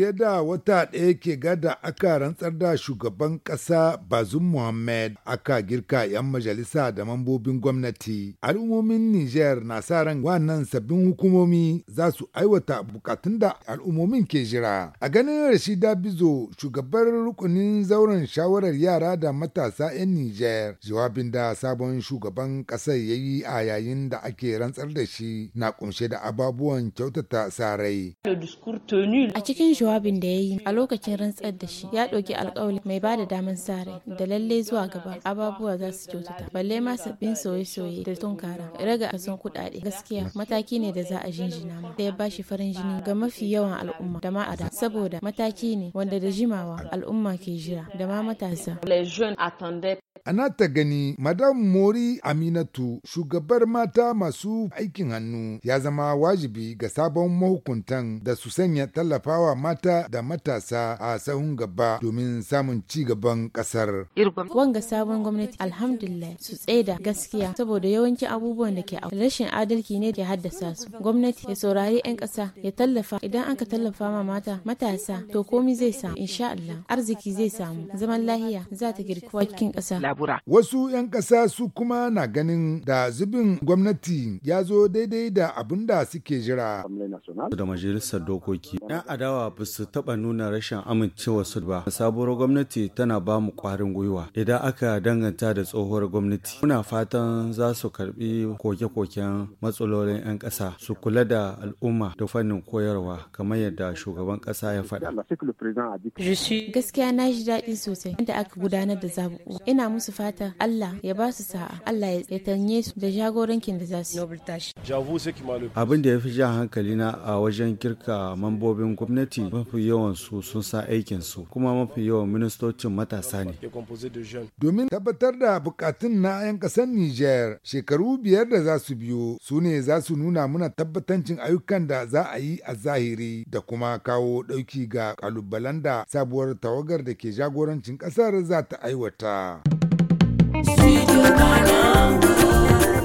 fiye da wata ɗaya ke gada aka rantsar da shugaban ƙasa bazum muhammad aka girka 'yan majalisa da mambobin gwamnati al'ummomin niger na sa ran wannan sabbin hukumomi za su aiwata bukatun da al'ummomin ke jira a ganin rashida bizo shugabar rukunin zauren shawarar yara da matasa 'yan niger jawabin da sabon shugaban ƙasar ya yi a yayin da ake rantsar da shi na kunshe da ababuwan kyautata sarai a cikin jawabin da ya yi a lokacin rantsar da shi ya ɗauki alkawali mai ba da damar sa rai da lalle zuwa gaba ababuwa za su kyautata balle ma sabbin soye-soye da tun tunkara raga kason kuɗaɗe gaskiya mataki ne da za a jinjina ma da ya bashi farin jini ga mafi yawan al'umma da ma ada saboda mataki ne wanda da jimawa al'umma ke jira da ma matasa. na ta gani Madam Mori Aminatu shugabar mata masu aikin hannu ya zama wajibi ga sabon mahukuntan da su sanya tallafawa mata mata da matasa a sahun gaba domin samun ci gaban ƙasar. Wanga sabon gwamnati alhamdulillah su tsaida gaskiya saboda yawancin abubuwan da ke a rashin adalci ne ke haddasa su. Gwamnati ya saurari 'yan ƙasa ya tallafa idan aka tallafa ma mata matasa to komi zai samu insha Allah arziki zai samu zaman lahiya za ta girkuwa cikin ƙasa. Wasu 'yan ƙasa su kuma na ganin da zubin gwamnati ya zo daidai da abin da suke jira. Da majalisar dokoki 'yan adawa su taɓa nuna rashin amincewa su ba. Sabuwar gwamnati tana ba mu ƙwarin gwiwa. Idan aka danganta da tsohuwar gwamnati, muna fatan za su karɓi koke-koken matsalolin 'yan ƙasa, su kula da al'umma da fannin koyarwa kamar yadda shugaban ƙasa ya faɗa. Gaskiya na ji daɗi sosai inda aka gudanar da zabuu Ina musu fata Allah ya ba su sa'a, Allah ya tanye su da jagorankin da za su yi. Abin da ya fi jan hankali na a wajen kirka mambobin gwamnati mafi yawan su sun sa aikin su kuma mafi yawan ministocin matasa ne. Domin tabbatar da bukatun na 'yan kasar Nijar shekaru biyar da za su biyo su ne za su nuna muna tabbatancin ayyukan da za a yi a zahiri da kuma kawo ɗauki ga kalubalen da sabuwar tawagar da ke jagorancin ƙasar za ta aiwata.